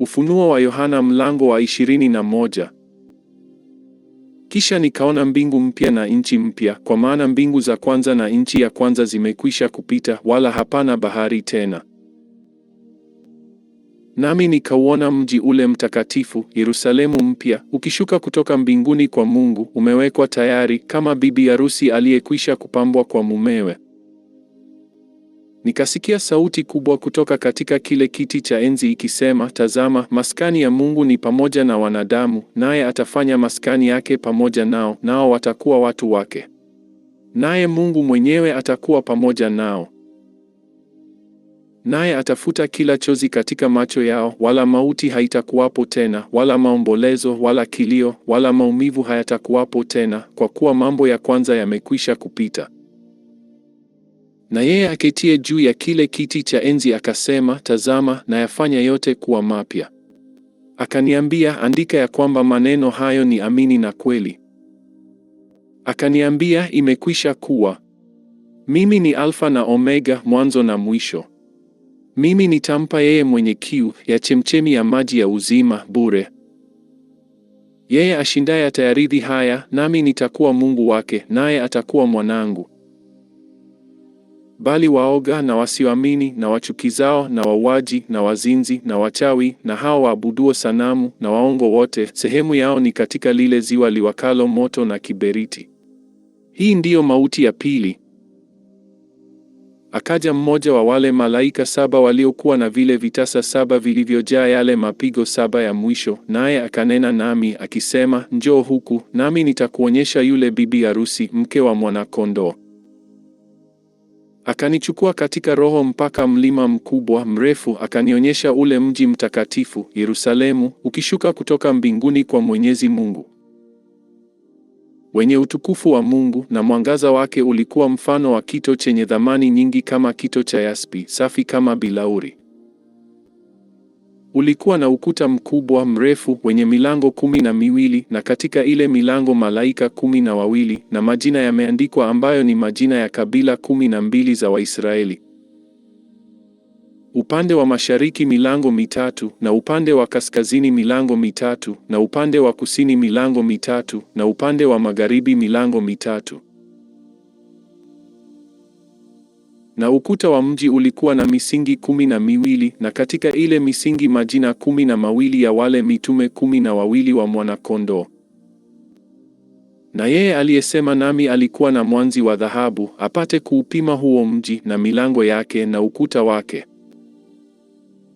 Ufunuo wa Yohana mlango wa moja. Kisha nikaona mbingu mpya na nchi mpya, kwa maana mbingu za kwanza na nchi ya kwanza zimekwisha kupita, wala hapana bahari tena. Nami nikauona mji ule mtakatifu Yerusalemu mpya ukishuka kutoka mbinguni kwa Mungu, umewekwa tayari kama bibi harusi aliyekwisha kupambwa kwa mumewe. Nikasikia sauti kubwa kutoka katika kile kiti cha enzi ikisema, tazama, maskani ya Mungu ni pamoja na wanadamu, naye atafanya maskani yake pamoja nao, nao watakuwa watu wake, naye Mungu mwenyewe atakuwa pamoja nao. Naye atafuta kila chozi katika macho yao, wala mauti haitakuwapo tena, wala maombolezo, wala kilio, wala maumivu hayatakuwapo tena, kwa kuwa mambo ya kwanza yamekwisha kupita. Na yeye aketie juu ya kile kiti cha enzi akasema, Tazama, nayafanya yote kuwa mapya. Akaniambia, andika ya kwamba maneno hayo ni amini na kweli. Akaniambia, imekwisha kuwa. Mimi ni Alfa na Omega, mwanzo na mwisho. Mimi nitampa yeye mwenye kiu ya chemchemi ya maji ya uzima bure. Yeye ashindaye atayaridhi haya, nami nitakuwa Mungu wake, naye atakuwa mwanangu bali waoga na wasioamini na wachukizao na wauaji na wazinzi na wachawi na hao waabuduo sanamu na waongo wote, sehemu yao ni katika lile ziwa liwakalo moto na kiberiti. Hii ndiyo mauti ya pili. Akaja mmoja wa wale malaika saba waliokuwa na vile vitasa saba vilivyojaa yale mapigo saba ya mwisho, naye akanena nami akisema, njoo huku, nami nitakuonyesha yule bibi harusi, mke wa mwanakondoo. Akanichukua katika Roho mpaka mlima mkubwa mrefu, akanionyesha ule mji mtakatifu Yerusalemu, ukishuka kutoka mbinguni kwa Mwenyezi Mungu, wenye utukufu wa Mungu, na mwangaza wake ulikuwa mfano wa kito chenye thamani nyingi, kama kito cha yaspi safi kama bilauri. Ulikuwa na ukuta mkubwa mrefu wenye milango kumi na miwili, na katika ile milango malaika kumi na wawili na majina yameandikwa, ambayo ni majina ya kabila kumi na mbili za Waisraeli. Upande wa mashariki milango mitatu, na upande wa kaskazini milango mitatu, na upande wa kusini milango mitatu, na upande wa magharibi milango mitatu. Na ukuta wa mji ulikuwa na misingi kumi na miwili, na katika ile misingi majina kumi na mawili ya wale mitume kumi na wawili wa Mwanakondoo. Na yeye aliyesema nami alikuwa na mwanzi wa dhahabu, apate kuupima huo mji na milango yake na ukuta wake.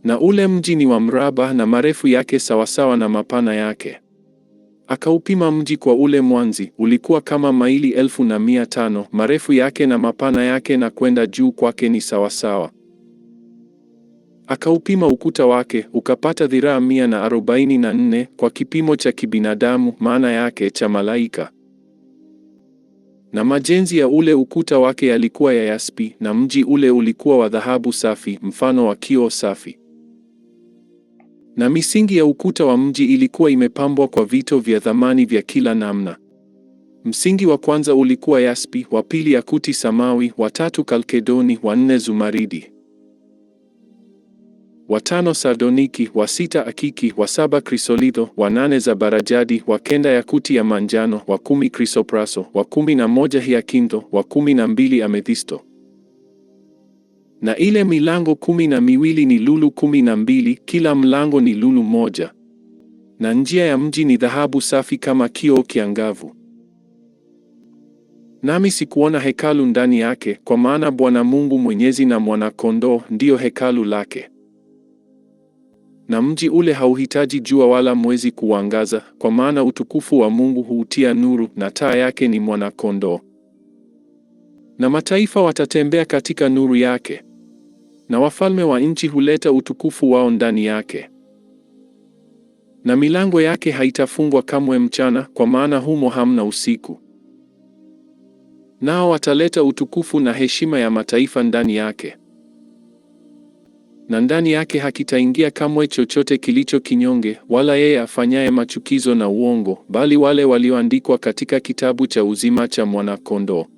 Na ule mji ni wa mraba, na marefu yake sawasawa na mapana yake. Akaupima mji kwa ule mwanzi, ulikuwa kama maili elfu na mia tano, marefu yake na mapana yake na kwenda juu kwake ni sawasawa. Akaupima ukuta wake, ukapata dhiraa mia na arobaini na nne kwa kipimo cha kibinadamu, maana yake cha malaika. Na majenzi ya ule ukuta wake yalikuwa ya yaspi, na mji ule ulikuwa wa dhahabu safi, mfano wa kio safi na misingi ya ukuta wa mji ilikuwa imepambwa kwa vito vya thamani vya kila namna. Msingi wa kwanza ulikuwa yaspi, wa pili yakuti samawi, wa tatu kalkedoni, wa nne zumaridi, wa tano sardoniki, wa sita akiki, wa saba krisolitho, wa nane zabarajadi, wa kenda yakuti ya manjano, wa kumi krisopraso, wa kumi na moja hiakintho, wa kumi na mbili amethisto. Na ile milango kumi na miwili ni lulu kumi na mbili, kila mlango ni lulu moja. Na njia ya mji ni dhahabu safi kama kioo kiangavu. Nami sikuona hekalu ndani yake, kwa maana Bwana Mungu Mwenyezi na Mwana-Kondoo ndiyo hekalu lake. Na mji ule hauhitaji jua wala mwezi kuangaza, kwa maana utukufu wa Mungu huutia nuru, na taa yake ni Mwana-Kondoo. Na mataifa watatembea katika nuru yake na wafalme wa nchi huleta utukufu wao ndani yake, na milango yake haitafungwa kamwe mchana, kwa maana humo hamna usiku. Nao wataleta utukufu na heshima ya mataifa ndani yake, na ndani yake hakitaingia kamwe chochote kilicho kinyonge, wala yeye afanyaye machukizo na uongo, bali wale walioandikwa katika kitabu cha uzima cha Mwanakondoo.